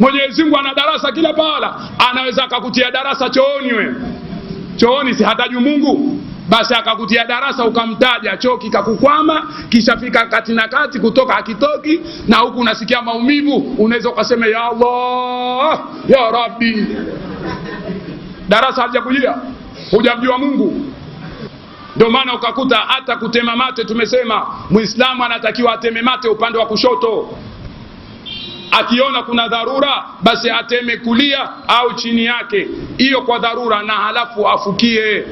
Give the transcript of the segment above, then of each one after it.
Mwenyezi Mungu ana darasa kila pahala, anaweza akakutia darasa chooni. We chooni, si hataju Mungu? Basi akakutia darasa ukamtaja, choo kikakukwama, fika kati na kati, kutoka akitoki na huku unasikia maumivu, unaweza ukasema ya Allah ya Rabbi. Darasa halijakujia, hujamjua Mungu. Ndio maana ukakuta hata kutema mate, tumesema Muislamu anatakiwa ateme mate upande wa kushoto akiona kuna dharura basi ateme kulia au chini yake, hiyo kwa dharura, na halafu afukie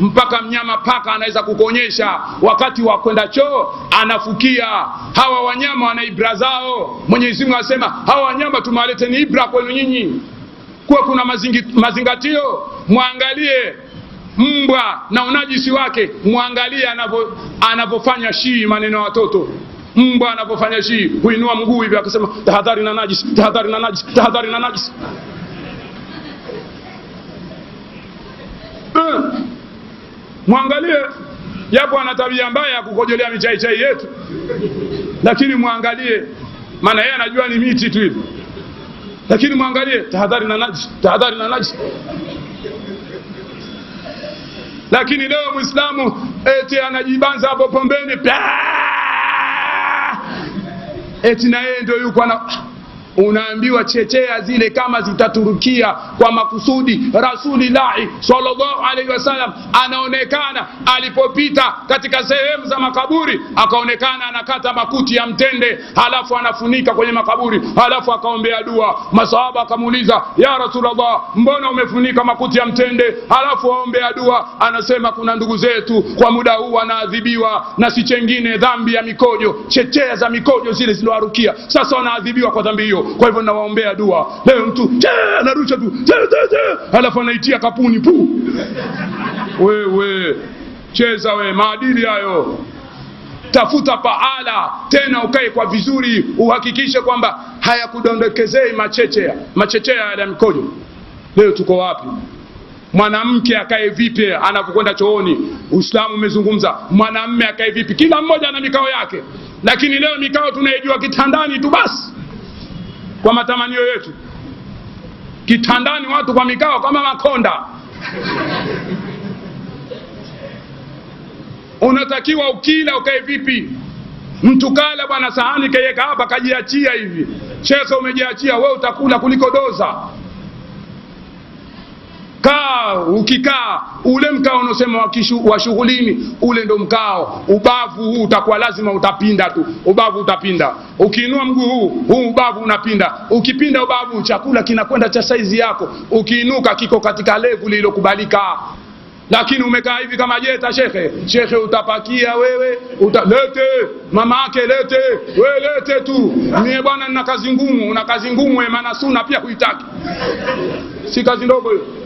mpaka mnyama paka anaweza kukuonyesha wakati wa kwenda choo, anafukia. Hawa wanyama wana ibra zao. Mwenyezi Mungu anasema hawa wanyama tumewaleteni ibra kwenu nyinyi, kuwa kuna mazingi, mazingatio. Mwangalie mbwa na unajisi wake, mwangalie anavyofanya shii maneno ya watoto mbwa anapofanya hivi huinua mguu hivi akasema tahadhari na najis, tahadhari na najis, tahadhari na najis. Eh, mwangalie, japo ana tabia mbaya ya kukojolea michaichai yetu, lakini mwangalie, maana yeye anajua ni miti tu hivi, lakini mwangalie, tahadhari na najis, tahadhari na najis. Lakini leo Muislamu eti anajibanza hapo pombeni paa eti naye ndio unaambiwa chechea zile kama zitaturukia kwa makusudi. Rasulillahi sallallahu alaihi wasallam anaonekana alipopita katika sehemu za makaburi, akaonekana anakata makuti ya mtende, halafu anafunika kwenye makaburi, halafu akaombea dua. Masahaba akamuuliza, ya Rasulullah, mbona umefunika makuti ya mtende halafu aombea dua? Anasema, kuna ndugu zetu kwa muda huu wanaadhibiwa na si chengine, dhambi ya mikojo, chechea za mikojo zile zilizoarukia, sasa wanaadhibiwa kwa dhambi hiyo kwa hivyo nawaombea dua leo. Mtu anarusha tu alafu anaitia kapuni pu. Wewe cheza we, maadili hayo. Tafuta paala tena ukae kwa vizuri, uhakikishe kwamba hayakudondokezei machechea, machechea ya mkojo. Leo tuko wapi? Mwanamke akae vipi anapokwenda chooni? Uislamu umezungumza mwanamme akae vipi. Kila mmoja ana mikao yake, lakini leo mikao tunaijua kitandani tu basi kwa matamanio yetu, kitandani watu kwa mikao kama makonda. Unatakiwa ukila ukae vipi? Mtu kala bwana, sahani kaiweka hapa, kajiachia hivi. Shekhe, umejiachia wewe, utakula kuliko doza mkao ukikaa ule mkao unaosema wa shughulini, ule ndo mkao. Ubavu huu utakuwa lazima utapinda tu, ubavu utapinda. Ukiinua mguu huu huu, ubavu unapinda. Ukipinda ubavu, chakula kinakwenda cha saizi yako, ukiinuka kiko katika levu lililokubalika lakini umekaa hivi kama jeta shekhe, shekhe utapakia wewe uta, lete mama ake lete we lete tu, mie bwana nina kazi ngumu. Una kazi ngumu, maana suna pia huitaki, si kazi ndogo hiyo.